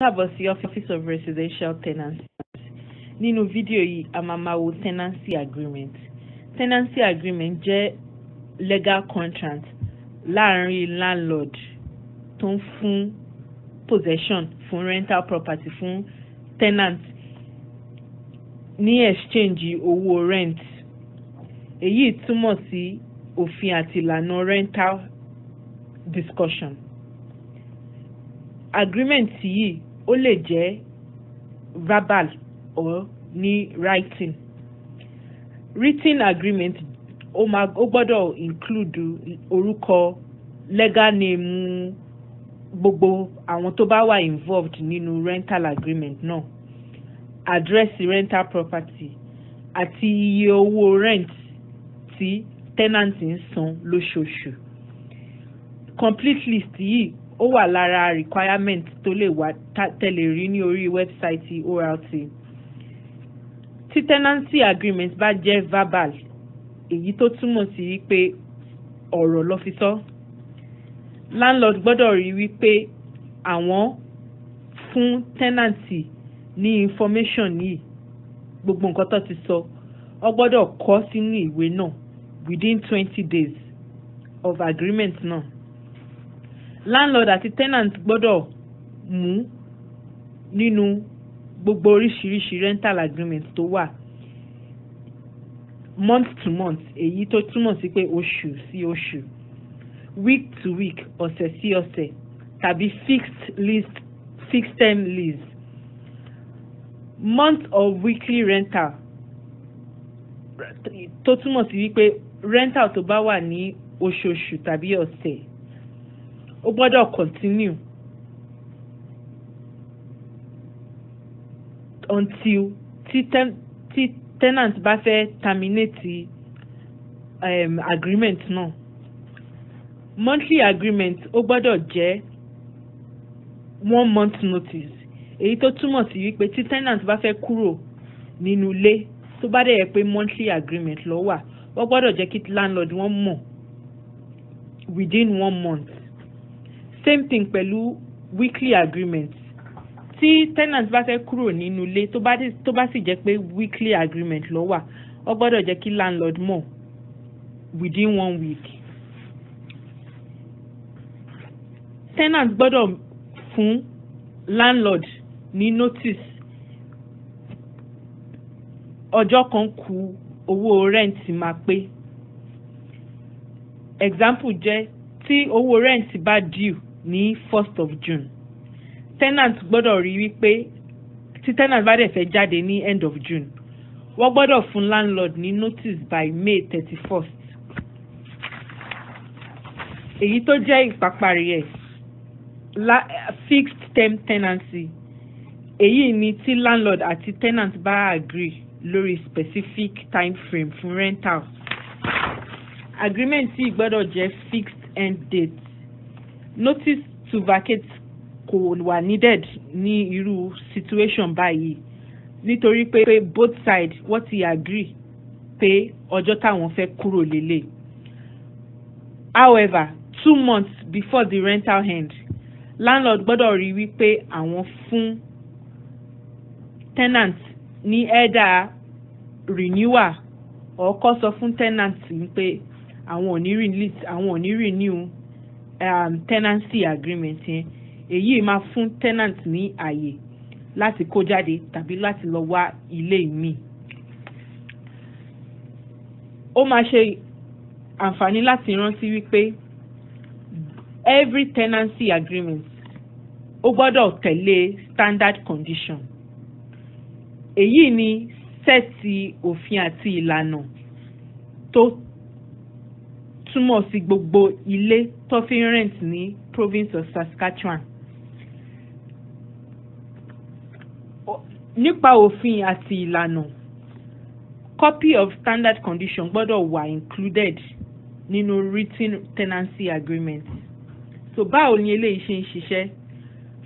káàbọ̀ sí office of residential tenancy nínú fídíò yìí a máa máa wo tenancy agreement tenancy agreement jẹ́ legal contract láàrin landlord tó ń fún possession fún rental property fún tenant ní exchange owó rent èyí túmọ̀ sí òfin àti ìlànà rental discussion agreement yìí ó lè jẹ́ verbal or ní writing written agreement ó máa ó gbọ́dọ̀ include orúkọ legal name gbogbo àwọn tó bá wà involved nínú rental agreement náà address rental property àti iye owó rent tí tenant ń san lóṣooṣù complete list yìí ó wà lára requirement tó lè wà tẹ̀lé rí ní orí wẹ́bsáìtì ORT tí tenancy agreement bá jẹ́ verbal èyí tó túmọ̀ sí wípé ọ̀rọ̀ ló fi sọ landlord gbọ́dọ̀ rí wípé àwọn fún tenancy ní information yìí gbogbo nǹkan tó ti sọ ọ gbọ́dọ̀ kọ sínú ìwé náà within twenty days of agreement náà. No landlord àti tenant gbọ́dọ̀ mú nínú gbogbo oríṣiríṣi rental agreement tó wà month to month èyí tó túmọ̀ sí pé oṣù sí oṣù week to week ọ̀sẹ̀ sí ọ̀sẹ̀ tàbí fixed list fixed term lease month of weekly rental tó túmọ̀ sí wípé rental tó bá wà ní oṣooṣù tàbí ọ̀sẹ̀ ó gbọ́dọ̀ continue until tí tí tenant bá fẹ́ terminate um, agreement náà no. monthly agreement ó gbọ́dọ̀ jẹ́ one month notice èyí tó túmọ̀ sí wípé tí tenant bá fẹ́ kúrò nínú ilé tó bá dẹ̀ yẹ pé monthly agreement ló wà wọ́n gbọ́dọ̀ jẹ́ kí landlord wọ́n mọ̀ within one month same thing pẹ̀lú weekly agreement tí tenant bá fẹ́ kúrò nínú ilé tó bá sì jẹ́ pé weekly agreement ló wà ó gbọ́dọ̀ jẹ́ kí landlord mọ̀ within one week. tenant gbọ́dọ̀ fún landlord ní notice ọjọ́ kan kù owó rent máa pé example jẹ́ tí owó rent bá due ní first of June tenant gbọ́dọ̀ rí wípé tí tenant bá dẹ̀ fẹ́ jáde ní end of June wọ́n gbọ́dọ̀ fún landlord ní notice by May thirty first èyí tó jẹ́ ìpàparí ẹ̀ fixed term tenancy èyí ni tí landlord àti tenant bá agree lórí specific time frame fún rental agreement yìí gbọ́dọ̀ jẹ́ fixed end date notice to vacate kò wà needed ní irú situation báyìí nítorí pé both sides wọ́n ti agree pé ọjọ́ táwọn fẹ́ kúrò lélẹ̀ however two months before the rental end landlord gbọ́dọ̀ rí wípé àwọn fún tenant ní ẹ̀dà renewal ọkọ sọ fún tenant wípé àwọn ò ní release àwọn ò ní renew um, tenancy agreement yẹn èyí e máa fún tenant ní àyè láti kó jáde tàbí láti lọ wá ilé míì ó máa ṣe àǹfààní láti rántí wípé every tenancy agreement ó gbọ́dọ̀ tẹ̀lé standard condition èyí ni sẹ́ẹ̀tì òfin àti ìlànà tó túmọ̀ sí gbogbo ilé tó rent ní province of Saskatchewan. nípa òfin àti ìlànà copy of standard condition gbọ́dọ̀ wà included nínú written tenancy agreement. so báwo ni eléyìí ṣe ń ṣiṣẹ́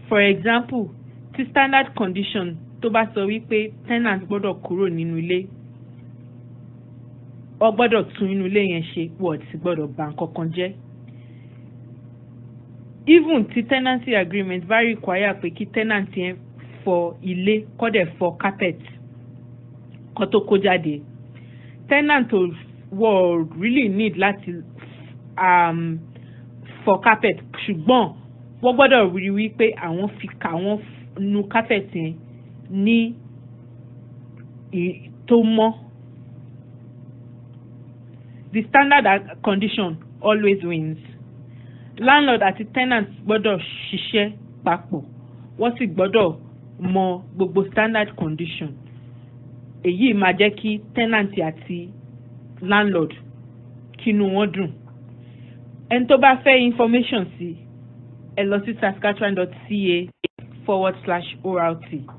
for example tí standard condition tó bá sọ wípé tenant gbọ́dọ̀ kúrò nínú ilé o gbọ́dọ̀ tún inú ilé yẹn ṣe wọ́n ti gbọ́dọ̀ bà nǹkan jẹ́ even ti tenancy agreement bá require pé kí tenant yẹn fọ ilé kó dẹ̀ fọ carpet kó tó kó jáde tenant ò really need láti um, fọ carpet ṣùgbọ́n wọ́n gbọ́dọ̀ rí wípé àwọn fi kà nu carpet yẹn ní tó mọ́ the standard condition always wins landlord àti tenant gbọ́dọ̀ ṣiṣẹ́ papọ̀ wọ́n sì gbọ́dọ̀ mọ gbogbo standard condition èyí máa jẹ́ kí tenant àti landlord kínú wọn dùn ẹni tó bá fẹ́ information sí ẹ lọ sí saskatchewan.ca forward slash ORT.